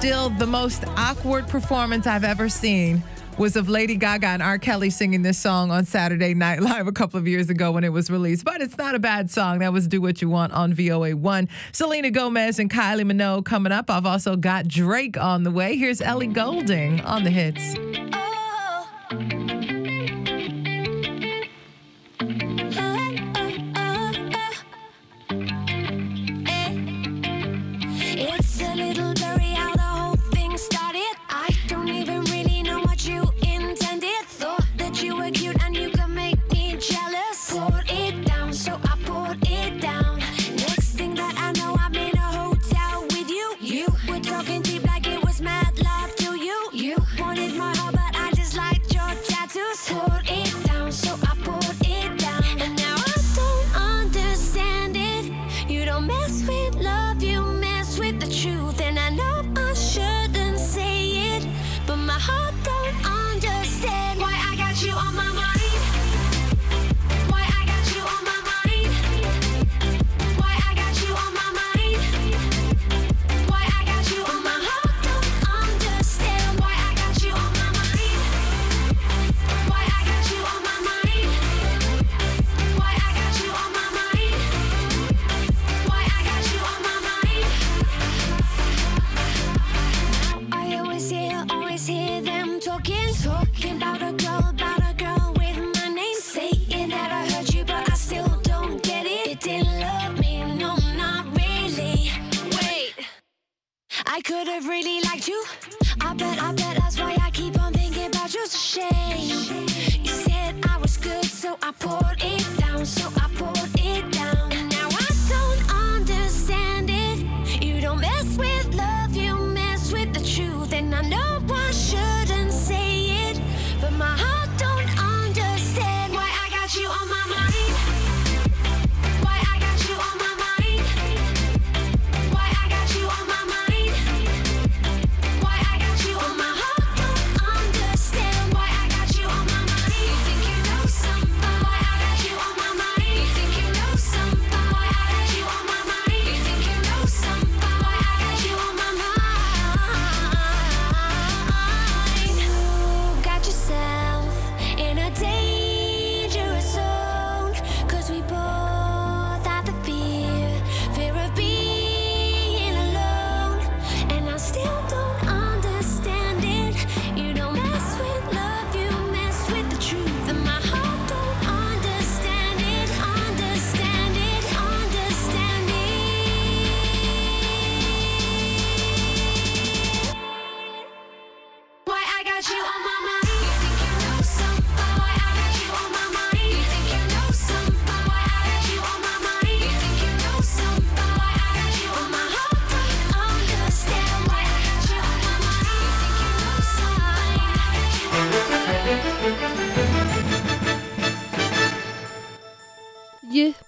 still the most awkward performance I've ever seen was of Lady Gaga and R. Kelly singing this song on Saturday Night Live a couple of years ago when it was released. But it's not a bad song. That was Do What You Want on VOA1. Selena Gomez and Kylie Minogue coming up. I've also got Drake on the way. Here's Ellie Golding on the hits. really liked you. I bet, I bet that's why I keep on thinking about you. It's a shame. You said I was good, so I poured it down. So I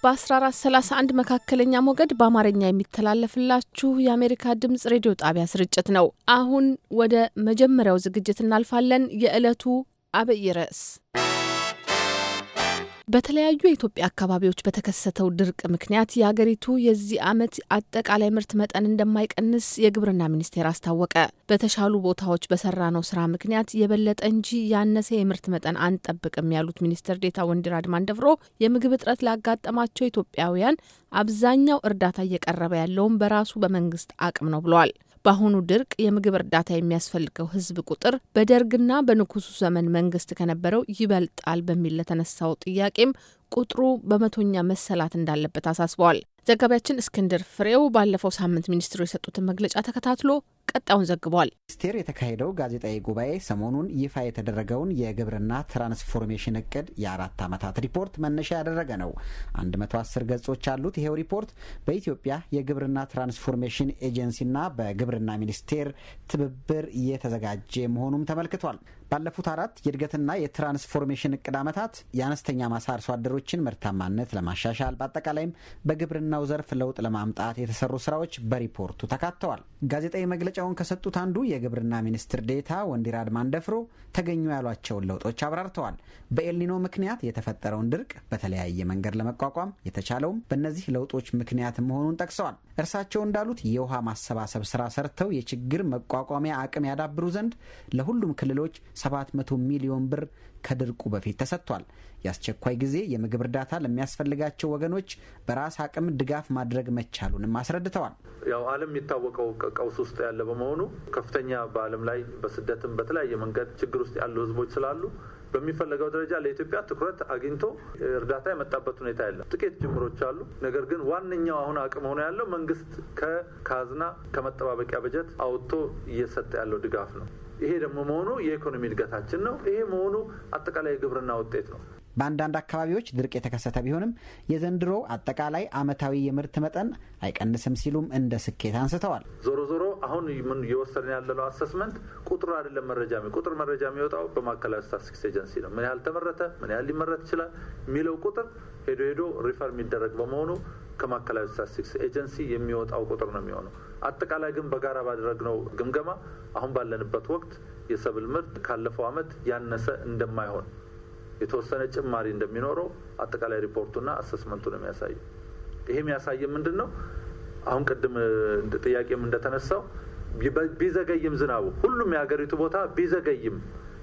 በ1431 መካከለኛ ሞገድ በአማርኛ የሚተላለፍላችሁ የአሜሪካ ድምፅ ሬዲዮ ጣቢያ ስርጭት ነው። አሁን ወደ መጀመሪያው ዝግጅት እናልፋለን። የዕለቱ አብይ ርዕስ በተለያዩ የኢትዮጵያ አካባቢዎች በተከሰተው ድርቅ ምክንያት የሀገሪቱ የዚህ ዓመት አጠቃላይ ምርት መጠን እንደማይቀንስ የግብርና ሚኒስቴር አስታወቀ። በተሻሉ ቦታዎች በሰራነው ስራ ምክንያት የበለጠ እንጂ ያነሰ የምርት መጠን አንጠብቅም ያሉት ሚኒስትር ዴታ ወንዲራድ ማንደፍሮ የምግብ እጥረት ላጋጠማቸው ኢትዮጵያውያን አብዛኛው እርዳታ እየቀረበ ያለውም በራሱ በመንግስት አቅም ነው ብለዋል። በአሁኑ ድርቅ የምግብ እርዳታ የሚያስፈልገው ህዝብ ቁጥር በደርግና በንጉሱ ዘመን መንግስት ከነበረው ይበልጣል በሚል ለተነሳው ጥያቄም ቁጥሩ በመቶኛ መሰላት እንዳለበት አሳስበዋል። ዘጋቢያችን እስክንድር ፍሬው ባለፈው ሳምንት ሚኒስትሩ የሰጡትን መግለጫ ተከታትሎ ቀጣዩን ዘግቧል። ሚኒስቴር የተካሄደው ጋዜጣዊ ጉባኤ ሰሞኑን ይፋ የተደረገውን የግብርና ትራንስፎርሜሽን እቅድ የአራት ዓመታት ሪፖርት መነሻ ያደረገ ነው። 110 ገጾች ያሉት ይሄው ሪፖርት በኢትዮጵያ የግብርና ትራንስፎርሜሽን ኤጀንሲና በግብርና ሚኒስቴር ትብብር የተዘጋጀ መሆኑም ተመልክቷል። ባለፉት አራት የእድገትና የትራንስፎርሜሽን እቅድ ዓመታት የአነስተኛ ማሳ አርሶ አደሮችን ምርታማነት ለማሻሻል በአጠቃላይም በግብርና በግብርናው ዘርፍ ለውጥ ለማምጣት የተሰሩ ስራዎች በሪፖርቱ ተካተዋል። ጋዜጣዊ መግለጫውን ከሰጡት አንዱ የግብርና ሚኒስትር ዴታ ወንዲራድ ማንደፍሮ ተገኙ ያሏቸውን ለውጦች አብራርተዋል። በኤልኒኖ ምክንያት የተፈጠረውን ድርቅ በተለያየ መንገድ ለመቋቋም የተቻለውም በእነዚህ ለውጦች ምክንያት መሆኑን ጠቅሰዋል። እርሳቸው እንዳሉት የውሃ ማሰባሰብ ስራ ሰርተው የችግር መቋቋሚያ አቅም ያዳብሩ ዘንድ ለሁሉም ክልሎች 700 ሚሊዮን ብር ከድርቁ በፊት ተሰጥቷል። የአስቸኳይ ጊዜ የምግብ እርዳታ ለሚያስፈልጋቸው ወገኖች በራስ አቅም ድጋፍ ማድረግ መቻሉንም አስረድተዋል። ያው ዓለም የሚታወቀው ቀውስ ውስጥ ያለ በመሆኑ ከፍተኛ በዓለም ላይ በስደትም በተለያየ መንገድ ችግር ውስጥ ያሉ ህዝቦች ስላሉ በሚፈለገው ደረጃ ለኢትዮጵያ ትኩረት አግኝቶ እርዳታ የመጣበት ሁኔታ የለም። ጥቂት ጅምሮች አሉ። ነገር ግን ዋነኛው አሁን አቅም ሆኖ ያለው መንግስት ከካዝና ከመጠባበቂያ በጀት አውጥቶ እየሰጠ ያለው ድጋፍ ነው። ይሄ ደግሞ መሆኑ የኢኮኖሚ እድገታችን ነው። ይሄ መሆኑ አጠቃላይ የግብርና ውጤት ነው። በአንዳንድ አካባቢዎች ድርቅ የተከሰተ ቢሆንም የዘንድሮ አጠቃላይ ዓመታዊ የምርት መጠን አይቀንስም ሲሉም እንደ ስኬት አንስተዋል። ዞሮ ዞሮ አሁን እየወሰድን ያለነው አሰስመንት ቁጥሩ አይደለም መረጃ ቁጥር መረጃ የሚወጣው በማዕከላዊ ስታትስቲክስ ኤጀንሲ ነው። ምን ያህል ተመረተ፣ ምን ያህል ሊመረት ይችላል የሚለው ቁጥር ሄዶ ሄዶ ሪፈር የሚደረግ በመሆኑ ከማዕከላዊ ስታስቲክስ ኤጀንሲ የሚወጣው ቁጥር ነው የሚሆነው። አጠቃላይ ግን በጋራ ባደረግነው ግምገማ አሁን ባለንበት ወቅት የሰብል ምርት ካለፈው ዓመት ያነሰ እንደማይሆን የተወሰነ ጭማሪ እንደሚኖረው አጠቃላይ ሪፖርቱና አሰስመንቱ ነው የሚያሳየ። ይሄ የሚያሳየ ምንድን ነው? አሁን ቅድም ጥያቄም እንደተነሳው ቢዘገይም ዝናቡ ሁሉም የሀገሪቱ ቦታ ቢዘገይም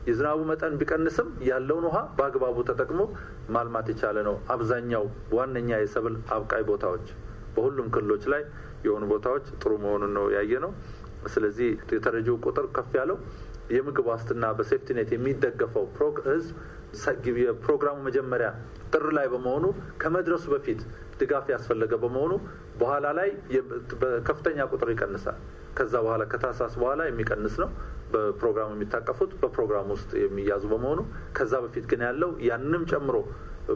የዝናቡ መጠን ቢቀንስም ያለውን ውሃ በአግባቡ ተጠቅሞ ማልማት የቻለ ነው። አብዛኛው ዋነኛ የሰብል አብቃይ ቦታዎች በሁሉም ክልሎች ላይ የሆኑ ቦታዎች ጥሩ መሆኑን ነው ያየ ነው። ስለዚህ የተረጂው ቁጥር ከፍ ያለው የምግብ ዋስትና በሴፍቲኔት የሚደገፈው ህዝብ የፕሮግራሙ መጀመሪያ ጥር ላይ በመሆኑ ከመድረሱ በፊት ድጋፍ ያስፈለገ በመሆኑ በኋላ ላይ በከፍተኛ ቁጥር ይቀንሳል። ከዛ በኋላ ከታህሳስ በኋላ የሚቀንስ ነው። በፕሮግራም የሚታቀፉት በፕሮግራም ውስጥ የሚያዙ በመሆኑ ከዛ በፊት ግን ያለው ያንም ጨምሮ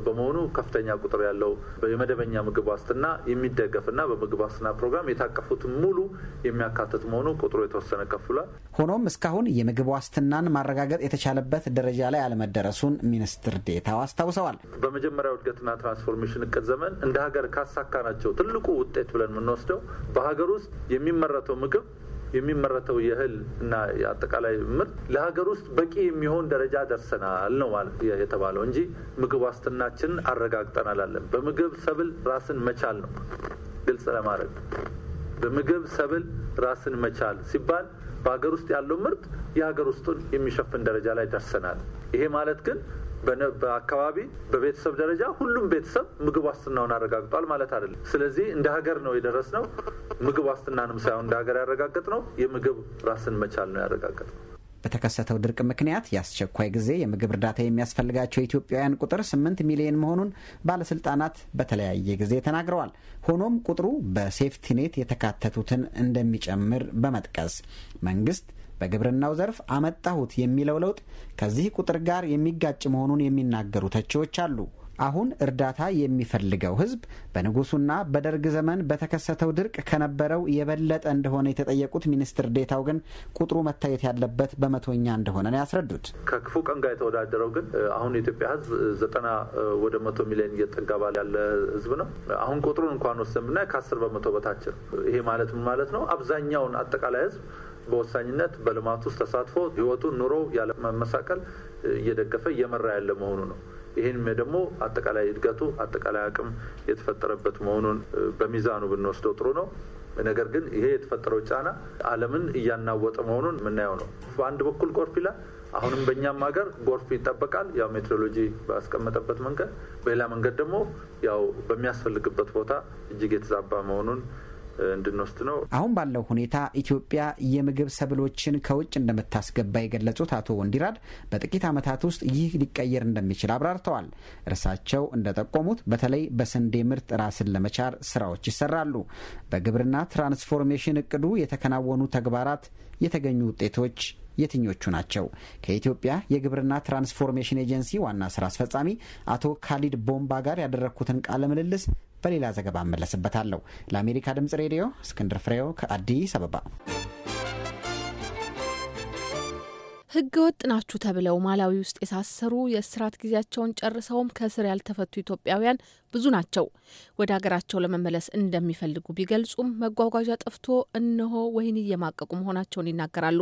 በመሆኑ ከፍተኛ ቁጥር ያለው የመደበኛ ምግብ ዋስትና የሚደገፍና በምግብ ዋስትና ፕሮግራም የታቀፉትን ሙሉ የሚያካትት መሆኑ ቁጥሩ የተወሰነ ከፍ ብሏል። ሆኖም እስካሁን የምግብ ዋስትናን ማረጋገጥ የተቻለበት ደረጃ ላይ አለመደረሱን ሚኒስትር ዴታው አስታውሰዋል። በመጀመሪያው እድገትና ትራንስፎርሜሽን እቅድ ዘመን እንደ ሀገር ካሳካ ናቸው ትልቁ ውጤት ብለን የምንወስደው በሀገር ውስጥ የሚመረተው ምግብ የሚመረተው የእህል እና የአጠቃላይ ምርት ለሀገር ውስጥ በቂ የሚሆን ደረጃ ደርሰናል ነው የተባለው እንጂ ምግብ ዋስትናችን አረጋግጠናል አለን። በምግብ ሰብል ራስን መቻል ነው ግልጽ ለማድረግ በምግብ ሰብል ራስን መቻል ሲባል በሀገር ውስጥ ያለው ምርት የሀገር ውስጡን የሚሸፍን ደረጃ ላይ ደርሰናል። ይሄ ማለት ግን በአካባቢ በቤተሰብ ደረጃ ሁሉም ቤተሰብ ምግብ ዋስትናውን አረጋግጧል ማለት አይደለም። ስለዚህ እንደ ሀገር ነው የደረስነው። ምግብ ዋስትናንም ሳይሆን እንደ ሀገር ያረጋገጥ ነው የምግብ ራስን መቻል ነው ያረጋገጥ ነው። በተከሰተው ድርቅ ምክንያት የአስቸኳይ ጊዜ የምግብ እርዳታ የሚያስፈልጋቸው ኢትዮጵያውያን ቁጥር 8 ሚሊዮን መሆኑን ባለስልጣናት በተለያየ ጊዜ ተናግረዋል። ሆኖም ቁጥሩ በሴፍቲኔት የተካተቱትን እንደሚጨምር በመጥቀስ መንግስት በግብርናው ዘርፍ አመጣሁት የሚለው ለውጥ ከዚህ ቁጥር ጋር የሚጋጭ መሆኑን የሚናገሩ ተቺዎች አሉ። አሁን እርዳታ የሚፈልገው ህዝብ በንጉሱና በደርግ ዘመን በተከሰተው ድርቅ ከነበረው የበለጠ እንደሆነ የተጠየቁት ሚኒስትር ዴታው ግን ቁጥሩ መታየት ያለበት በመቶኛ እንደሆነ ነው ያስረዱት። ከክፉ ቀን ጋር የተወዳደረው ግን አሁን የኢትዮጵያ ህዝብ ዘጠና ወደ መቶ ሚሊዮን እየጠጋ ባል ያለ ህዝብ ነው። አሁን ቁጥሩን እንኳን ወስደን ብናይ ከአስር በመቶ በታች ነው። ይሄ ማለት ምን ማለት ነው? አብዛኛውን አጠቃላይ ህዝብ በወሳኝነት በልማት ውስጥ ተሳትፎ ህይወቱን ኑሮ ያለመመሳቀል እየደገፈ እየመራ ያለ መሆኑ ነው። ይህም ደግሞ አጠቃላይ እድገቱ አጠቃላይ አቅም የተፈጠረበት መሆኑን በሚዛኑ ብንወስደው ጥሩ ነው። ነገር ግን ይሄ የተፈጠረው ጫና ዓለምን እያናወጠ መሆኑን የምናየው ነው። በአንድ በኩል ጎርፍ ይላል። አሁንም በእኛም ሀገር ጎርፍ ይጠበቃል፣ ያው ሜትሮሎጂ ባስቀመጠበት መንገድ። በሌላ መንገድ ደግሞ ያው በሚያስፈልግበት ቦታ እጅግ የተዛባ መሆኑን እንድንወስድ ነው። አሁን ባለው ሁኔታ ኢትዮጵያ የምግብ ሰብሎችን ከውጭ እንደምታስገባ የገለጹት አቶ ወንዲራድ በጥቂት ዓመታት ውስጥ ይህ ሊቀየር እንደሚችል አብራርተዋል። እርሳቸው እንደጠቆሙት በተለይ በስንዴ ምርት ራስን ለመቻር ስራዎች ይሰራሉ። በግብርና ትራንስፎርሜሽን እቅዱ የተከናወኑ ተግባራት፣ የተገኙ ውጤቶች የትኞቹ ናቸው? ከኢትዮጵያ የግብርና ትራንስፎርሜሽን ኤጀንሲ ዋና ስራ አስፈጻሚ አቶ ካሊድ ቦምባ ጋር ያደረግኩትን ቃለ ምልልስ በሌላ ዘገባ እመለስበታለሁ። ለአሜሪካ ድምጽ ሬዲዮ እስክንድር ፍሬው ከአዲስ አበባ። ሕገ ወጥ ናችሁ ተብለው ማላዊ ውስጥ የታሰሩ የእስራት ጊዜያቸውን ጨርሰውም ከእስር ያልተፈቱ ኢትዮጵያውያን ብዙ ናቸው። ወደ ሀገራቸው ለመመለስ እንደሚፈልጉ ቢገልጹም መጓጓዣ ጠፍቶ እነሆ ወህኒ እየማቀቁ መሆናቸውን ይናገራሉ።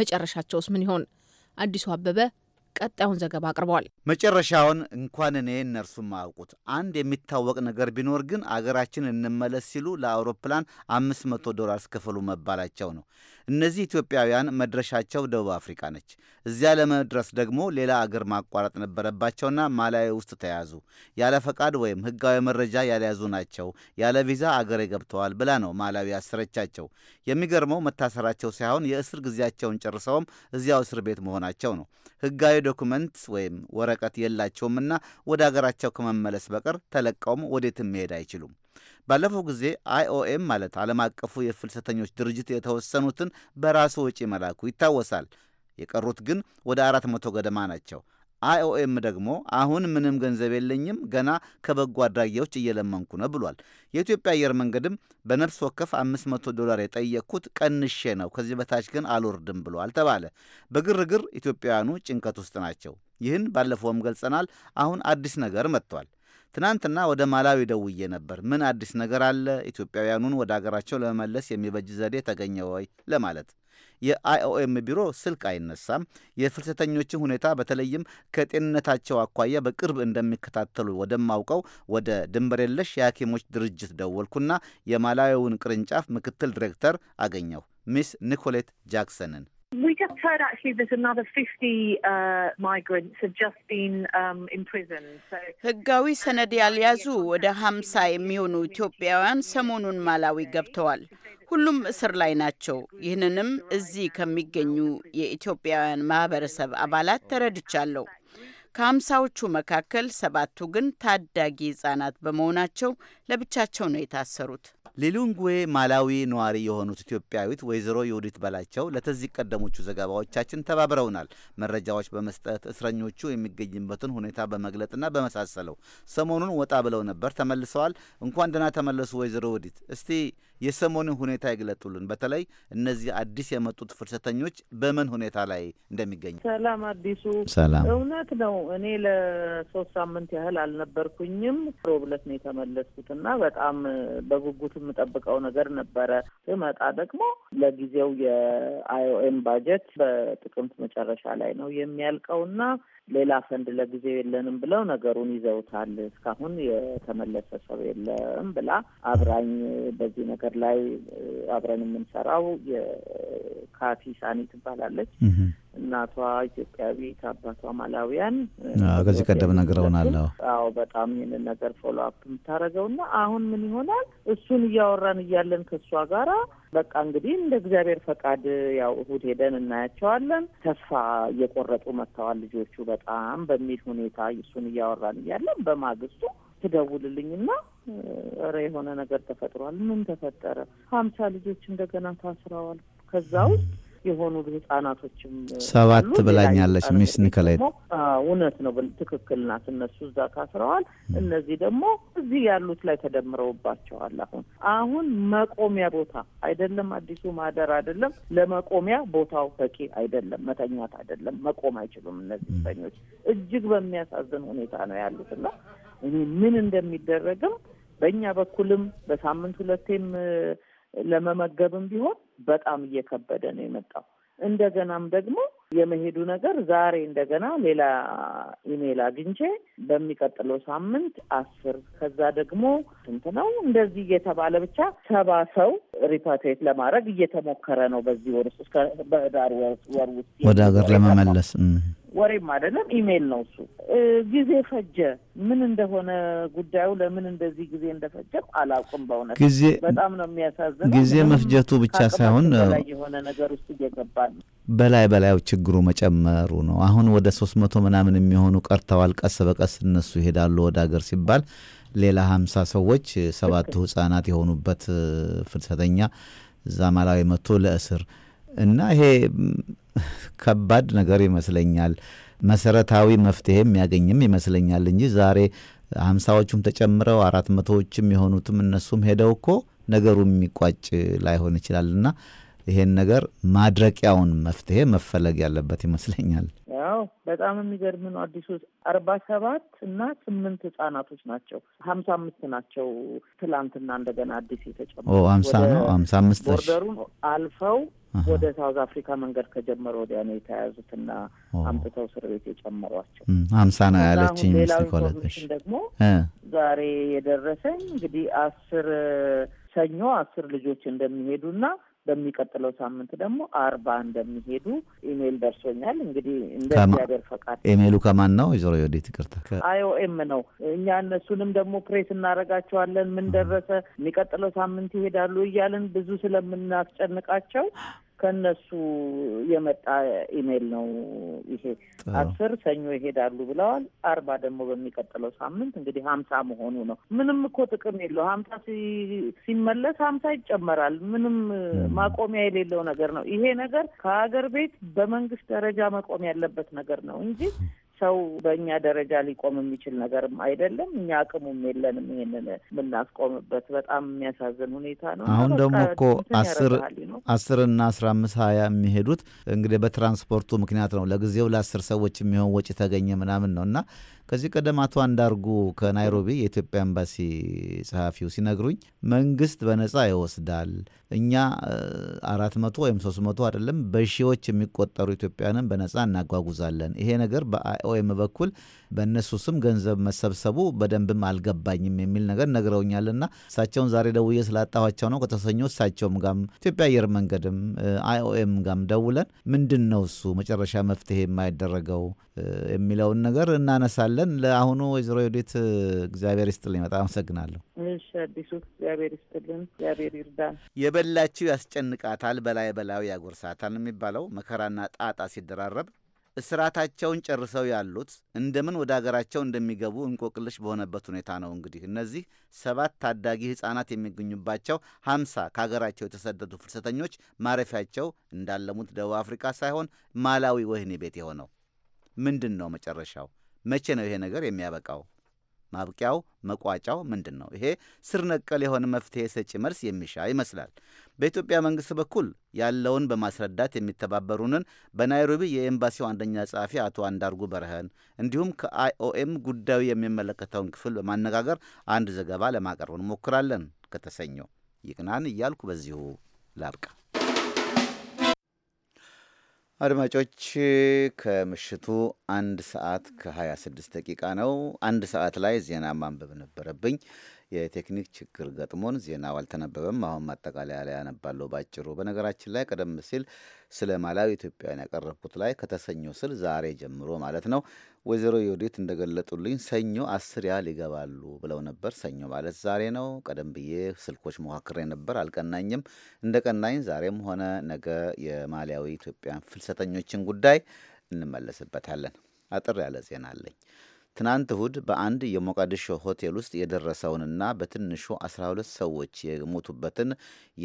መጨረሻቸውስ ምን ይሆን? አዲሱ አበበ ቀጣዩን ዘገባ አቅርቧል። መጨረሻውን እንኳን እኔ እነርሱም አያውቁት። አንድ የሚታወቅ ነገር ቢኖር ግን አገራችን እንመለስ ሲሉ ለአውሮፕላን አምስት መቶ ዶላር ስከፈሉ መባላቸው ነው። እነዚህ ኢትዮጵያውያን መድረሻቸው ደቡብ አፍሪካ ነች። እዚያ ለመድረስ ደግሞ ሌላ አገር ማቋረጥ ነበረባቸውና ማላዊ ውስጥ ተያዙ። ያለ ፈቃድ ወይም ሕጋዊ መረጃ ያልያዙ ናቸው፣ ያለ ቪዛ አገሬ ገብተዋል ብላ ነው ማላዊ ያሰረቻቸው። የሚገርመው መታሰራቸው ሳይሆን የእስር ጊዜያቸውን ጨርሰውም እዚያው እስር ቤት መሆናቸው ነው። ሕጋዊ ዶኩመንት ወይም ወረቀት የላቸውምና ወደ አገራቸው ከመመለስ በቀር ተለቀውም ወዴትም መሄድ አይችሉም። ባለፈው ጊዜ አይኦኤም ማለት ዓለም አቀፉ የፍልሰተኞች ድርጅት የተወሰኑትን በራሱ ወጪ መላኩ ይታወሳል። የቀሩት ግን ወደ አራት መቶ ገደማ ናቸው። አይኦኤም ደግሞ አሁን ምንም ገንዘብ የለኝም፣ ገና ከበጎ አድራጊዎች እየለመንኩ ነው ብሏል። የኢትዮጵያ አየር መንገድም በነፍስ ወከፍ 500 ዶላር የጠየቅኩት ቀንሼ ነው፣ ከዚህ በታች ግን አልወርድም ብሏል ተባለ። በግርግር ኢትዮጵያውያኑ ጭንቀት ውስጥ ናቸው። ይህን ባለፈውም ገልጸናል። አሁን አዲስ ነገር መጥቷል። ትናንትና ወደ ማላዊ ደውዬ ነበር። ምን አዲስ ነገር አለ? ኢትዮጵያውያኑን ወደ አገራቸው ለመመለስ የሚበጅ ዘዴ ተገኘ ወይ ለማለት የአይኦኤም ቢሮ ስልክ አይነሳም። የፍልሰተኞችን ሁኔታ በተለይም ከጤንነታቸው አኳያ በቅርብ እንደሚከታተሉ ወደማውቀው ወደ ድንበር የለሽ የሐኪሞች ድርጅት ደወልኩና የማላዊውን ቅርንጫፍ ምክትል ዲሬክተር አገኘሁ፣ ሚስ ኒኮሌት ጃክሰንን Uh, um, ህጋዊ ሰነድ ያልያዙ ወደ ሀምሳ የሚሆኑ ኢትዮጵያውያን ሰሞኑን ማላዊ ገብተዋል። ሁሉም እስር ላይ ናቸው። ይህንንም እዚህ ከሚገኙ የኢትዮጵያውያን ማህበረሰብ አባላት ተረድቻለሁ። ከሀምሳዎቹ መካከል ሰባቱ ግን ታዳጊ ህጻናት በመሆናቸው ለብቻቸው ነው የታሰሩት። ሊሉንግዌ ማላዊ ነዋሪ የሆኑት ኢትዮጵያዊት ወይዘሮ ይሁዲት በላቸው ለተዚህ ቀደሞቹ ዘገባዎቻችን ተባብረውናል። መረጃዎች በመስጠት እስረኞቹ የሚገኝበትን ሁኔታ በመግለጥና በመሳሰለው ሰሞኑን ወጣ ብለው ነበር፣ ተመልሰዋል። እንኳን ደህና ተመለሱ ወይዘሮ ይሁዲት። እስቲ የሰሞኑን ሁኔታ ይግለጡልን። በተለይ እነዚህ አዲስ የመጡት ፍልሰተኞች በምን ሁኔታ ላይ እንደሚገኙ። ሰላም አዲሱ። ሰላም። እውነት ነው። እኔ ለሶስት ሳምንት ያህል አልነበርኩኝም። ሮብለት ነው የተመለስኩት እና በጣም በጉጉት የምጠብቀው ነገር ነበረ። ስመጣ ደግሞ ለጊዜው የአይኦኤም ባጀት በጥቅምት መጨረሻ ላይ ነው የሚያልቀው እና ሌላ ፈንድ ለጊዜው የለንም ብለው ነገሩን ይዘውታል። እስካሁን የተመለሰ ሰው የለም ብላ አብራኝ በዚህ ነገር ላይ አብረን የምንሰራው የካቲ ሳኒ ትባላለች። እናቷ ኢትዮጵያዊት፣ አባቷ ማላዊያን ከዚህ ቀደም ነግረውናል። አዎ በጣም ይህንን ነገር ፎሎ አፕ የምታደርገው እና አሁን ምን ይሆናል እሱን እያወራን እያለን ከእሷ ጋራ በቃ እንግዲህ እንደ እግዚአብሔር ፈቃድ ያው እሁድ ሄደን እናያቸዋለን። ተስፋ እየቆረጡ መጥተዋል ልጆቹ በጣም በሚል ሁኔታ እሱን እያወራን እያለን በማግስቱ ትደውልልኝና ኧረ የሆነ ነገር ተፈጥሯል። ምን ተፈጠረ? ሀምሳ ልጆች እንደገና ታስረዋል ከዛ ውስጥ የሆኑ ህጻናቶችም ሰባት ብላኛለች ሚስ ኒከላይ። እውነት ነው፣ ትክክል ናት። እነሱ እዛ ታስረዋል። እነዚህ ደግሞ እዚህ ያሉት ላይ ተደምረውባቸዋል። አሁን አሁን መቆሚያ ቦታ አይደለም፣ አዲሱ ማደር አይደለም፣ ለመቆሚያ ቦታው በቂ አይደለም፣ መተኛት አይደለም፣ መቆም አይችሉም። እነዚህ እስረኞች እጅግ በሚያሳዝን ሁኔታ ነው ያሉት ያሉትና ምን እንደሚደረግም በእኛ በኩልም በሳምንት ሁለቴም ለመመገብም ቢሆን በጣም እየከበደ ነው የመጣው። እንደገናም ደግሞ የመሄዱ ነገር ዛሬ እንደገና ሌላ ኢሜል አግኝቼ በሚቀጥለው ሳምንት አስር ከዛ ደግሞ ስንት ነው እንደዚህ እየተባለ ብቻ ሰባ ሰው ሪፓትሬት ለማድረግ እየተሞከረ ነው በዚህ ወር ውስጥ በህዳር ወር ውስጥ ወደ ሀገር ለመመለስ ወሬም አይደለም፣ ኢሜይል ነው እሱ። ጊዜ ፈጀ። ምን እንደሆነ ጉዳዩ ለምን እንደዚህ ጊዜ እንደፈጀም አላውቅም። በእውነት ጊዜ በጣም ነው የሚያሳዝነው። ጊዜ መፍጀቱ ብቻ ሳይሆን የሆነ ነገር ውስጥ እየገባ ነው በላይ በላዩ ችግሩ መጨመሩ ነው። አሁን ወደ ሶስት መቶ ምናምን የሚሆኑ ቀርተዋል። ቀስ በቀስ እነሱ ይሄዳሉ ወደ ሀገር ሲባል ሌላ ሀምሳ ሰዎች ሰባቱ ህጻናት የሆኑበት ፍልሰተኛ እዛ ማላዊ መጥቶ ለእስር እና ይሄ ከባድ ነገር ይመስለኛል። መሰረታዊ መፍትሄ የሚያገኝም ይመስለኛል እንጂ ዛሬ ሀምሳዎቹም ተጨምረው አራት መቶዎችም የሆኑትም እነሱም ሄደው እኮ ነገሩ የሚቋጭ ላይሆን ይችላል ና ይሄን ነገር ማድረቂያውን መፍትሄ መፈለግ ያለበት ይመስለኛል። ያው በጣም የሚገርም ነው። አዲሱ አርባ ሰባት እና ስምንት ህጻናቶች ናቸው። ሀምሳ አምስት ናቸው። ትላንትና እንደገና አዲስ የተጨመረ ሀምሳ ነው። ሀምሳ አምስት ቦርደሩን አልፈው ወደ ሳውዝ አፍሪካ መንገድ ከጀመረ ወዲያ ነው የተያዙትና አምጥተው እስር ቤት የጨመሯቸው። አምሳ ነው ያለችኝ። ሌላው ኢንፎርሜሽን ደግሞ ዛሬ የደረሰኝ እንግዲህ አስር ሰኞ አስር ልጆች እንደሚሄዱና በሚቀጥለው ሳምንት ደግሞ አርባ እንደሚሄዱ ኢሜይል ደርሶኛል። እንግዲህ እንደ እግዚአብሔር ፈቃድ። ኢሜይሉ ከማን ነው? ወይዘሮ የወዴት ይቅርታ፣ አይኦኤም ነው። እኛ እነሱንም ደግሞ ፕሬስ እናደርጋቸዋለን። ምን ደረሰ፣ የሚቀጥለው ሳምንት ይሄዳሉ እያልን ብዙ ስለምናስጨንቃቸው ከነሱ የመጣ ኢሜይል ነው ይሄ። አስር ሰኞ ይሄዳሉ ብለዋል። አርባ ደግሞ በሚቀጥለው ሳምንት እንግዲህ ሀምሳ መሆኑ ነው። ምንም እኮ ጥቅም የለው። ሀምሳ ሲመለስ ሀምሳ ይጨመራል። ምንም ማቆሚያ የሌለው ነገር ነው ይሄ ነገር። ከሀገር ቤት በመንግስት ደረጃ መቆም ያለበት ነገር ነው እንጂ ሰው በእኛ ደረጃ ሊቆም የሚችል ነገርም አይደለም። እኛ አቅሙም የለንም ይሄንን የምናስቆምበት። በጣም የሚያሳዝን ሁኔታ ነው። አሁን ደግሞ እኮ አስር አስር እና አስራ አምስት ሀያ የሚሄዱት እንግዲህ በትራንስፖርቱ ምክንያት ነው። ለጊዜው ለአስር ሰዎች የሚሆን ወጪ ተገኘ ምናምን ነው እና ከዚህ ቀደም አቶ አንዳርጉ ከናይሮቢ የኢትዮጵያ ኤምባሲ ጸሐፊው ሲነግሩኝ መንግስት በነጻ ይወስዳል፣ እኛ አራት መቶ ወይም ሶስት መቶ አይደለም በሺዎች የሚቆጠሩ ኢትዮጵያንን በነጻ እናጓጉዛለን። ይሄ ነገር በአይኦኤም በኩል በእነሱ ስም ገንዘብ መሰብሰቡ በደንብም አልገባኝም የሚል ነገር ነግረውኛልና እሳቸውን ዛሬ ደውዬ ስላጣኋቸው ነው። ከተሰኞ እሳቸውም ጋም ኢትዮጵያ አየር መንገድም አይኦኤም ጋም ደውለን ምንድን ነው እሱ መጨረሻ መፍትሄ የማይደረገው የሚለውን ነገር እናነሳለን። ለአሁኑ ወይዘሮ ዮዲት እግዚአብሔር ይስጥልኝ፣ በጣም አመሰግናለሁ። አዲሱ እግዚአብሔር ይስጥልን፣ እግዚአብሔር ይርዳን። የበላችው ያስጨንቃታል፣ በላይ በላዩ ያጎርሳታል የሚባለው መከራና ጣጣ ሲደራረብ እስራታቸውን ጨርሰው ያሉት እንደምን ወደ አገራቸው እንደሚገቡ እንቆቅልሽ በሆነበት ሁኔታ ነው። እንግዲህ እነዚህ ሰባት ታዳጊ ሕፃናት የሚገኙባቸው ሀምሳ ከሀገራቸው የተሰደዱ ፍልሰተኞች ማረፊያቸው እንዳለሙት ደቡብ አፍሪካ ሳይሆን ማላዊ ወህኒ ቤት የሆነው ምንድን ነው? መጨረሻው መቼ ነው ይሄ ነገር የሚያበቃው? ማብቂያው መቋጫው ምንድን ነው? ይሄ ስር ነቀል የሆነ መፍትሄ ሰጪ መልስ የሚሻ ይመስላል። በኢትዮጵያ መንግስት በኩል ያለውን በማስረዳት የሚተባበሩንን በናይሮቢ የኤምባሲው አንደኛ ጸሐፊ አቶ አንዳርጉ በረህን እንዲሁም ከአይኦኤም ጉዳዩ የሚመለከተውን ክፍል በማነጋገር አንድ ዘገባ ለማቀርብ እንሞክራለን። ከተሰኘው ይቅናን እያልኩ በዚሁ ላብቃ። አድማጮች ከምሽቱ አንድ ሰዓት ከ26 ደቂቃ ነው። አንድ ሰዓት ላይ ዜና ማንበብ ነበረብኝ። የቴክኒክ ችግር ገጥሞን ዜናው አልተነበበም። አሁን ማጠቃለያ ላይ ያነባለሁ ባጭሩ። በነገራችን ላይ ቀደም ሲል ስለ ማላዊ ኢትዮጵያውያን ያቀረብኩት ላይ ከተሰኞ ስል ዛሬ ጀምሮ ማለት ነው። ወይዘሮ ዮዲት እንደገለጡልኝ ሰኞ አስር ያህል ይገባሉ ብለው ነበር። ሰኞ ማለት ዛሬ ነው። ቀደም ብዬ ስልኮች ሞካክሬ ነበር፣ አልቀናኝም። እንደ ቀናኝ ዛሬም ሆነ ነገ የማሊያዊ ኢትዮጵያን ፍልሰተኞችን ጉዳይ እንመለስበታለን። አጥር ያለ ዜና አለኝ። ትናንት እሁድ በአንድ የሞቃዲሾ ሆቴል ውስጥ የደረሰውንና በትንሹ 12 ሰዎች የሞቱበትን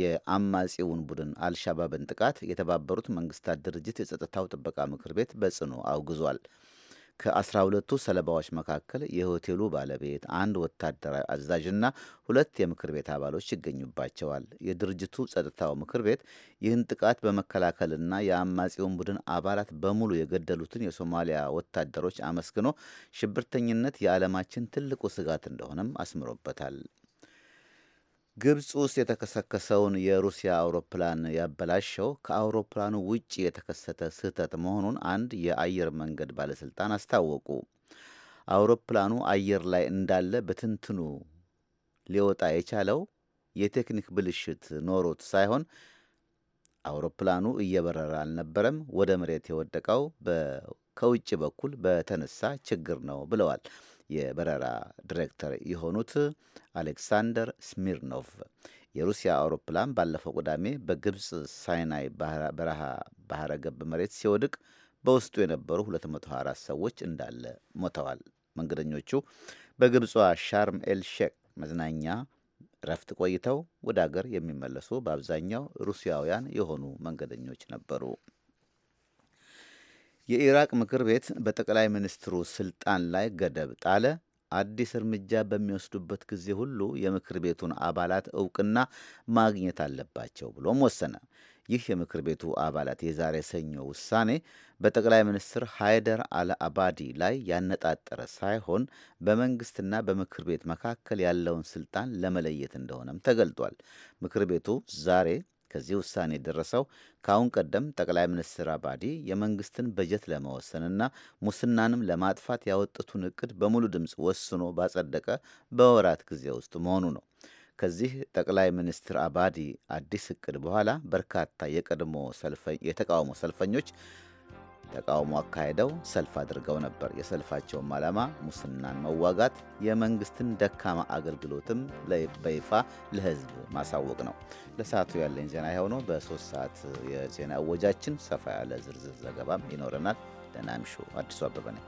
የአማጺውን ቡድን አልሻባብን ጥቃት የተባበሩት መንግስታት ድርጅት የጸጥታው ጥበቃ ምክር ቤት በጽኑ አውግዟል። ከ12ቱ ሰለባዎች መካከል የሆቴሉ ባለቤት፣ አንድ ወታደራዊ አዛዥና ሁለት የምክር ቤት አባሎች ይገኙባቸዋል። የድርጅቱ ጸጥታው ምክር ቤት ይህን ጥቃት በመከላከልና የአማጺውን ቡድን አባላት በሙሉ የገደሉትን የሶማሊያ ወታደሮች አመስግኖ ሽብርተኝነት የዓለማችን ትልቁ ስጋት እንደሆነም አስምሮበታል። ግብፅ ውስጥ የተከሰከሰውን የሩሲያ አውሮፕላን ያበላሸው ከአውሮፕላኑ ውጭ የተከሰተ ስህተት መሆኑን አንድ የአየር መንገድ ባለስልጣን አስታወቁ። አውሮፕላኑ አየር ላይ እንዳለ በትንትኑ ሊወጣ የቻለው የቴክኒክ ብልሽት ኖሮት ሳይሆን አውሮፕላኑ እየበረረ አልነበረም። ወደ መሬት የወደቀው ከውጭ በኩል በተነሳ ችግር ነው ብለዋል። የበረራ ዲሬክተር የሆኑት አሌክሳንደር ስሚርኖቭ የሩሲያ አውሮፕላን ባለፈው ቅዳሜ በግብፅ ሳይናይ በረሃ ባህረ ገብ መሬት ሲወድቅ በውስጡ የነበሩ 224 ሰዎች እንዳለ ሞተዋል። መንገደኞቹ በግብጿ ሻርም ኤል ሼክ መዝናኛ ረፍት ቆይተው ወደ አገር የሚመለሱ በአብዛኛው ሩሲያውያን የሆኑ መንገደኞች ነበሩ። የኢራቅ ምክር ቤት በጠቅላይ ሚኒስትሩ ስልጣን ላይ ገደብ ጣለ። አዲስ እርምጃ በሚወስዱበት ጊዜ ሁሉ የምክር ቤቱን አባላት እውቅና ማግኘት አለባቸው ብሎም ወሰነ። ይህ የምክር ቤቱ አባላት የዛሬ ሰኞ ውሳኔ በጠቅላይ ሚኒስትር ሃይደር አል አባዲ ላይ ያነጣጠረ ሳይሆን በመንግስትና በምክር ቤት መካከል ያለውን ስልጣን ለመለየት እንደሆነም ተገልጧል። ምክር ቤቱ ዛሬ ከዚህ ውሳኔ የደረሰው ከአሁን ቀደም ጠቅላይ ሚኒስትር አባዲ የመንግስትን በጀት ለመወሰንና ሙስናንም ለማጥፋት ያወጡትን እቅድ በሙሉ ድምፅ ወስኖ ባጸደቀ በወራት ጊዜ ውስጥ መሆኑ ነው። ከዚህ ጠቅላይ ሚኒስትር አባዲ አዲስ እቅድ በኋላ በርካታ የቀድሞ የተቃውሞ ሰልፈኞች ተቃውሞ አካሄደው ሰልፍ አድርገው ነበር። የሰልፋቸውም ዓላማ ሙስናን መዋጋት፣ የመንግስትን ደካማ አገልግሎትም በይፋ ለህዝብ ማሳወቅ ነው። ለሰዓቱ ያለኝ ዜና ይኸው ነው። በሶስት ሰዓት የዜና እወጃችን ሰፋ ያለ ዝርዝር ዘገባም ይኖረናል። ደህና እምሹ። አዲሱ አበበ ነኝ።